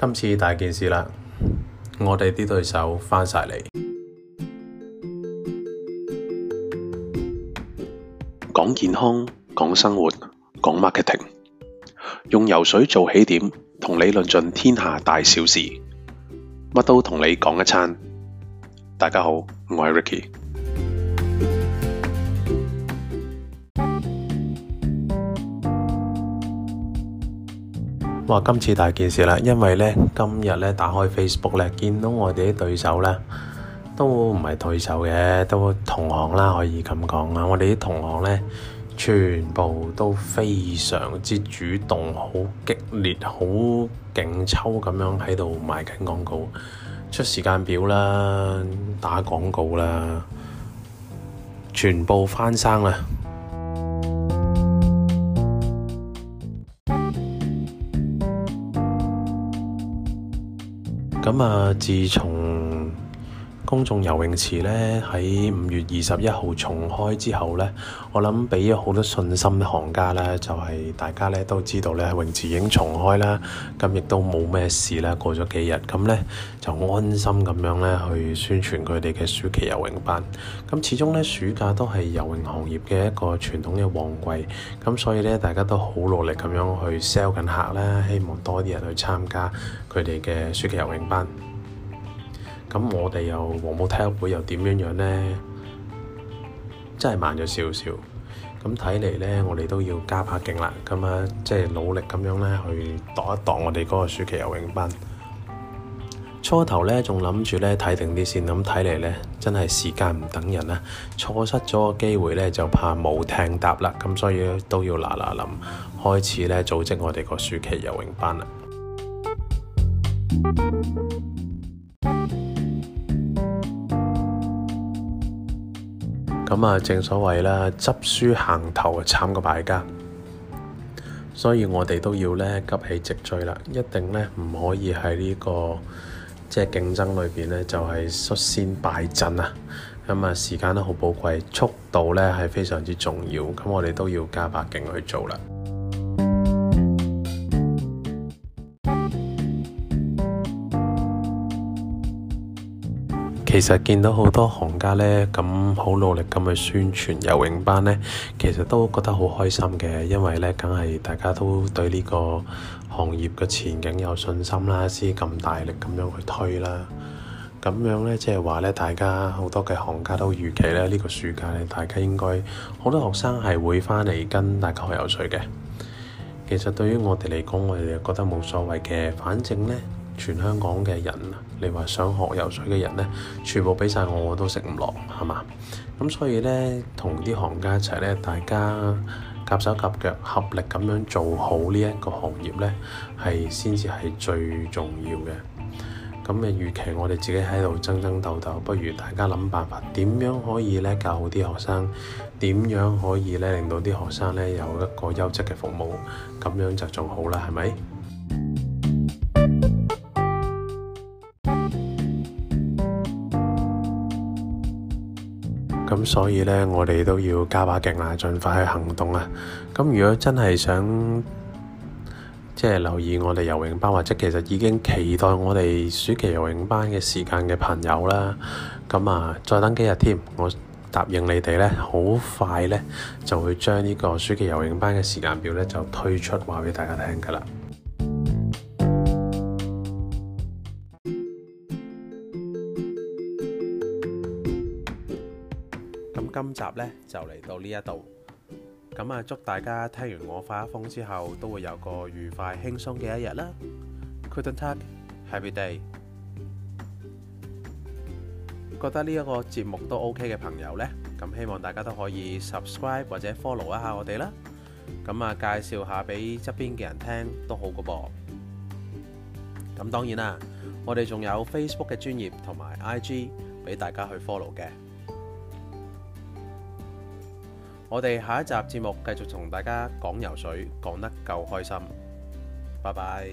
今次大件事啦！我哋啲對手翻晒嚟，講健康，講生活，講 marketing，用游水做起點，同你論盡天下大小事，乜都同你講一餐。大家好，我係 Ricky。哇！今次大件事啦，因為咧今日咧打開 Facebook 咧，見到我哋啲對手咧都唔係對手嘅，都同行啦，可以咁講啦！我哋啲同行咧全部都非常之主動，好激烈，好勁抽咁樣喺度賣緊廣告，出時間表啦，打廣告啦，全部翻生啦！咁啊！自從公眾游泳池呢，喺五月二十一號重開之後呢，我諗畀咗好多信心嘅行家呢就係、是、大家呢都知道呢泳池已經重開啦，咁亦都冇咩事啦，過咗幾日，咁呢就安心咁樣呢去宣傳佢哋嘅暑期游泳班。咁始終呢暑假都係游泳行業嘅一個傳統嘅旺季，咁所以呢，大家都好努力咁樣去 sell 緊客啦，希望多啲人去參加佢哋嘅暑期游泳班。咁我哋又黃埔體育會又點樣樣呢？真係慢咗少少。咁睇嚟呢，我哋都要加把勁啦。咁啊，即係努力咁樣呢，去度一度我哋嗰個暑期游泳班。初頭呢，仲諗住呢睇定啲先，咁睇嚟呢，真係時間唔等人啦。錯失咗個機會呢，就怕冇艇搭啦。咁所以都要嗱嗱臨開始呢組織我哋個暑期游泳班啦。咁啊，正所謂啦，執輸行頭啊，慘過敗家，所以我哋都要咧急起直追啦，一定咧唔可以喺呢個即係競爭裏邊咧就係率先敗陣啊！咁啊，時間都好寶貴，速度咧係非常之重要，咁我哋都要加把勁去做啦。其實見到好多行家呢，咁好努力咁去宣傳游泳班呢，其實都覺得好開心嘅，因為呢梗係大家都對呢個行業嘅前景有信心啦，先咁大力咁樣去推啦。咁樣呢，即係話呢，大家好多嘅行家都預期呢，呢，呢個暑假呢，大家應該好多學生係會翻嚟跟大家學游水嘅。其實對於我哋嚟講，我哋又覺得冇所謂嘅，反正呢，全香港嘅人，你話想學游水嘅人呢，全部俾晒我，我都食唔落，係嘛？咁所以呢，同啲行家一齊呢，大家夾手夾腳，合力咁樣做好呢一個行業呢，係先至係最重要嘅。咁，與其我哋自己喺度爭爭鬥鬥鬥，不如大家諗辦法，點樣可以呢教好啲學生？點樣可以呢令到啲學生呢有一個優質嘅服務？咁樣就仲好啦，係咪？咁所以呢，我哋都要加把勁啦，盡快去行動啊！咁如果真係想即係留意我哋游泳班，或者其實已經期待我哋暑期游泳班嘅時間嘅朋友啦，咁啊，再等幾日添，我答應你哋呢，好快呢就會將呢個暑期游泳班嘅時間表呢，就推出，話俾大家聽噶啦。今集咧就嚟到呢一度，咁啊，祝大家聽完我發一風之後，都會有個愉快輕鬆嘅一日啦。Good night, happy day。覺得呢一個節目都 OK 嘅朋友咧，咁希望大家都可以 subscribe 或者 follow 一下我哋啦。咁啊，介紹下俾側邊嘅人聽都好噶噃。咁當然啦，我哋仲有 Facebook 嘅專頁同埋 IG 俾大家去 follow 嘅。我哋下一集節目繼續同大家講游水，講得夠開心，拜拜。